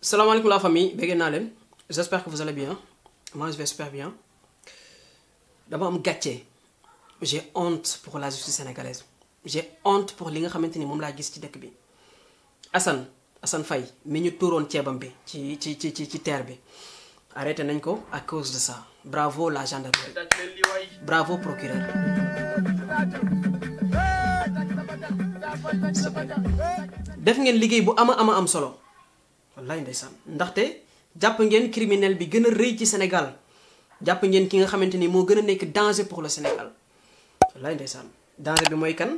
Salam alaikum la famille j'espère que vous allez bien moi je vais super bien je suis gâté j'ai honte pour la justice sénégalaise j'ai honte pour les gens qui ont été en train ci dëkk bi Assane Assane Faye mi ñu bi ci ci terre bi à cause de ça bravo la gendarmerie bravo procureur def ngeen liggey bu ama ama am solo wallaay ndeysaan ndaxte japp ngeen criminel bi gëna reuy ci senegal japp ngeen ki nga xamanteni mo gëna nek danger pour le senegal wallahi ndaysan danger bi moy kan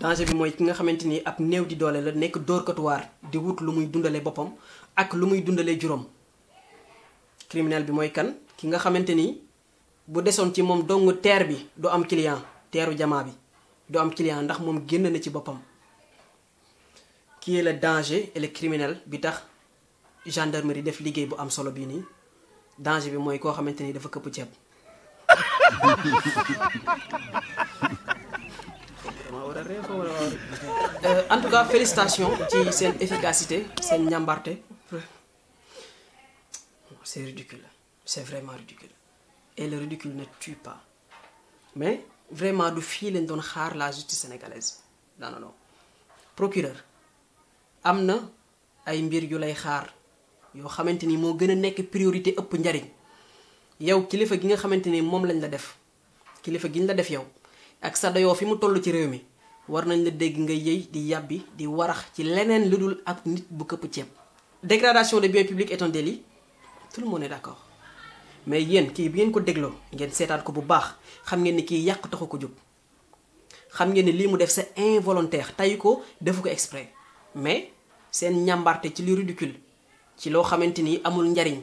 danger bi moy ki nga xamanteni ab di doole la ko dóorkatuwaar di wut lu muy dundale bopam ak lu muy dundale juroom criminel bi moy kan ki nga xamanteni bu desoon ci mom dong terre bi do am client teeru jamaa bi do am client ndax na ci qui est le danger et le criminel bi gendarmerie def liguey bu am solo danger bi moy ko euh, en tout cas félicitations pour efficacité c'est ridicule c'est vraiment ridicule et le ridicule ne tue pas mais vraiment du lañ xaar la justice sénégalaise non non non procureur na ay mbir yu lay xaar yoo xamante ni moo gën a priorité ëpp njariñ yow kilifa gi nga xamante lañ la def kilifa la def yow ak sa dayoo fi mu toll ci réew war nañ la di yàbbi di warax ci leneen lu ak nit bu dégradation des biens publics est un délit tout le monde est d'accord. mais yéen kii bi ngeen ko dégloo ngeen seetaat ko bu baax xam ngeen ni kii yàq taxu ko jóg xam ngeen lii mu def c'est involontaire tay ko defu ko exprès mais seen njàmbarte ci lu ridicule ci loo xamante ni amul njariñ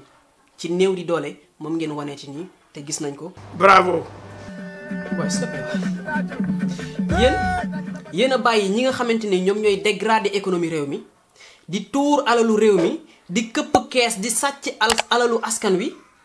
ci néew di doole moom ngeen waneeti nii te gis nañ ko. bravo. waay s'il bàyyi ñi nga xamante ni ñoom ñooy dégrader économie réew mi di tuur alalu réew mi di këpp kees di sàcc alalu askan wi.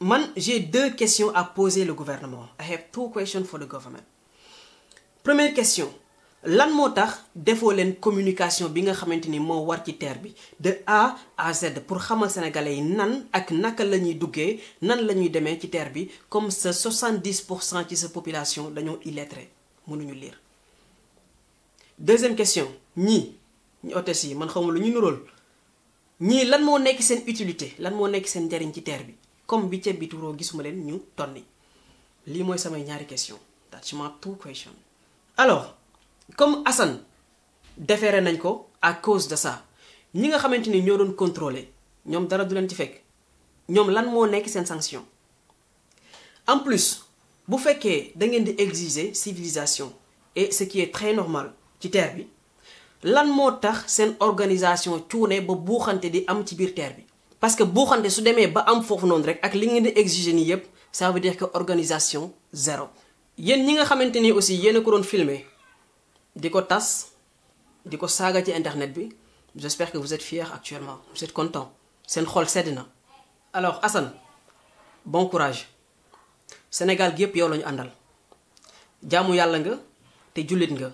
man j'ai deux questions à poser le gouvernement I have two questions for the government première question lan motax defo len communication bi nga xamanteni mo war ci terre bi de A à Z pour xamal sénégalais yi nan ak naka lañuy duggé nan lañuy démé ci terre bi comme sa 70 ci sa population dañoo illettré mënuñu lire deuxième question ni, ni hôtesse yi man xawma lu ñu nurool ni lan mo nekk sen utilité lan mo nekk sen njariñ ci terre bi comme bi ceeb bi tuuroo gisuma leen ñu tonni lii mooy samay question that's my two question alors comme Hassan déféré nañ ko à cause de ça ñi nga xamante ñoo doon contrôler ñom dara du len ci fekk ñom lan mo nekk sen sanction en plus bu fekkee da ngeen di exiger civilisation et ce qui est très normal ci terre bi lan mo tax sen organisation cuune ba buuxante di am ci biir terre bi parce que buuxante su demee ba am foofu noonu rek ak li ngeen di exiger nii ça veut dire que organisation zéro. yéen ñi nga xamante ni aussi yéen a ko doon filmer di ko tas di ko saaga ci internet bi j'espère que vous êtes fier actuellement vous êtes contents seen xol sedd na. alors Hasan, bon courage Sénégal gi yëpp yow la ñu àndal jaamu yàlla nga te jullit nga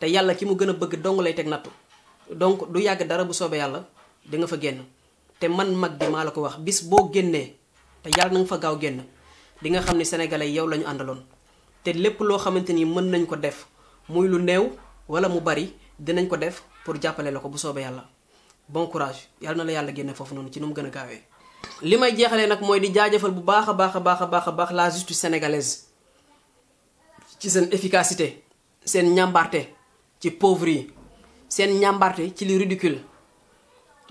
te yàlla ki mu gën a bëgg dong lay teg nattu donc du yàgg dara bu soobee yàlla di nga fa génn. te man mag bi maa la ko wax bis boo génnee te yàlla na nga fa gaaw génn di nga xam ne sénégalais yow la ñu àndaloon te lépp loo xamante ni mën nañ ko def muy lu néew wala mu bari dinañ ko def pour jàppale la ko bu soobee yàlla bon courage yàlla na la yàlla génne foofu noonu ci nu mu gën a gaawee. li may jeexalee nag mooy di jaajëfal bu baax a baax a baax a baax a baax la justice sénégalaise ci seen efficacité seen ñàmbarte ci pauvre yi seen ñàmbarte ci li ridicule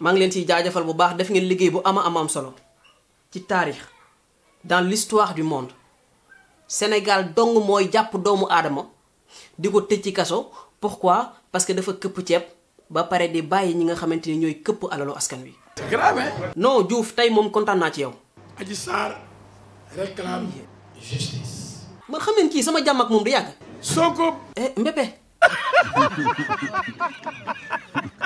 Je suis leen bu bu ama dans l'histoire du monde Sénégal dong moy Je doomu content. pourquoi parce que dafa Je suis ba pare di baye ñi nga ni kepp alalo askan wi. c'est grave. Hein? non Diouf tay content de vous. ci yow. Adji réclame justice. Mais je suis sama jamm ak Son du Eh, soko